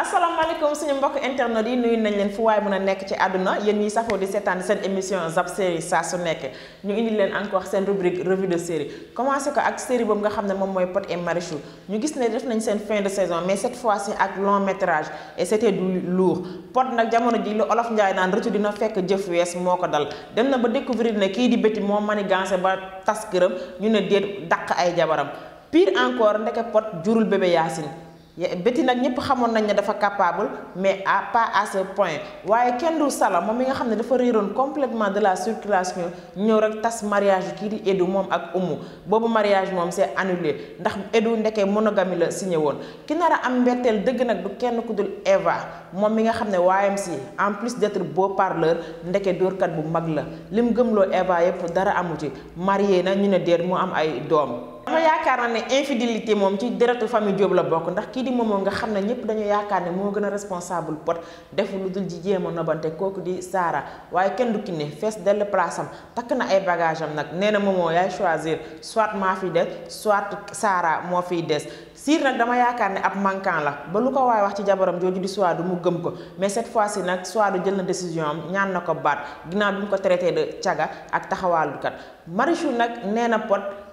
asalaamaaleykum suñu mbokk internet yi nuyu nañ leen fu way mëna Nous ci aduna yeen de safo di émission zap série su ñu indi encore sen rubrique revue de série commencé ko ak série nga et Marichou ñu gis def fin de saison mais cette fois ci ak long métrage et c'était du lourd pot nak jamono ji lu olof dina fekk jëf dal dem na ba découvrir ne ki di mo pire encore ndeke pot jurul bébé Yacine Betty nag ñëpp xamoon nañ ne dafa capable mais à pas à ce point waaye kenn du sala moom mi nga xam ne dafa réeroon complètement de la circulation ñëw rek tas mariage bi kii di Edu moom ak Umu boobu mariage moom c'est annulé ndax Edu ndekee monogamie la signé woon ki nar a am mbetteel dëgg nag du kenn ku dul Eva moom mi nga xam ne am si en plus d'être beau parleur ndeke doorkat bu mag la lim gëmloo Eva yëpp dara amu ci marié na ñu ne déet mu am ay doom ma yaakaar infidélité moom ci deretu famille Diop la bokk ndax kii di moomoo nga xam ne ñëpp dañu yaakaar ne moo gën a responsable pot def lu dul ji jéem a nobante kooku di Saara waaye kenn du ki ne fees dell place am takk na ay bagage am nag nee na moomoo yaay choisir soit maa fi des soit Saara moo fiy des siir nag dama yaakaar ne ab manquant la ba lu ko wax ci jabaram jooju di Souadou mu gëm ko mais cette fois ci nag Souadou jël na décision am ñaan na ko baat ginnaaw bi mu ko traité de caga ak taxawaalukat Marichou nag nee na pot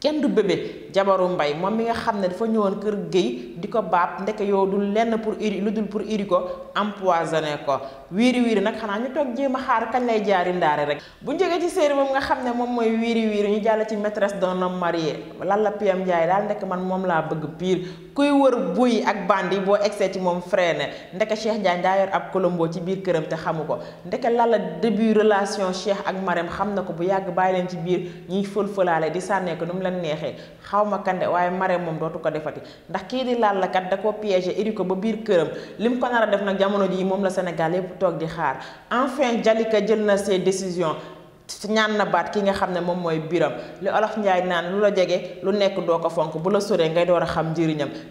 kenn du bébé jabaru mbay moom mi nga xam ne dafa ñëwoon kër géey di ko baab ndeke yow du lenn pour iri lu dul pour iri ko empoisonné ko wiiri wiiri nag xanaa ñu toog jéem a xaar kañ lay jaari ndaare rek bu ñu jógee ci série moom nga xam ne moom mooy wiiri wiiri ñu jàll ci maîtresse d'un homme marié lan la PM Ndiaye daal ndekk man moom laa bëgg pire kuy wër buy ak bandi boo egsee ci moom freiné ndeke Cheikh Diagne daa yor ab colombo ci biir këram te xamu ko ndeke lan la relation Cheikh ak Marème xam na ko bu yàgg bàyyi leen ci biir ñuy la neexee xaw ma kande waaye Marème moom dootu ko defati ndax kii di Lalla kat da koo piégé iri ba biir këram lim ko nar a def nag jamono jii moom la Sénégal yépp toog di xaar enfin Jalika jël na ses décisions ñaan na baat ki nga xamne mom moy biram li olof njaay naan lu la jege lu nekk do ko fonk bu la soree ngay doora xam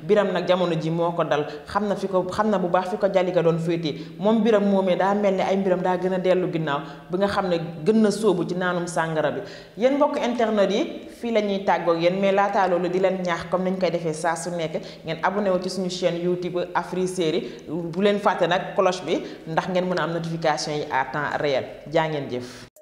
biram nak jamono ji moko dal xamna fiko xamna bu baax fiko ko ga doon féetee mom biram momé da melni ay biram daa gëna déllu ginnaw bi nga xamne gëna soobu ci naanum sangara bi yeen mbokk internet yi fi lañuy taggo yeen yéen mais laataa lolu di leen ñaax comme niñ koy défé saa su nekk ngeen abonné wu ci suñu chaîne youtube afri série bu leen faté nak cloche bi ndax ngeen mëna am notification yi à temps réel jaa ngeen jëf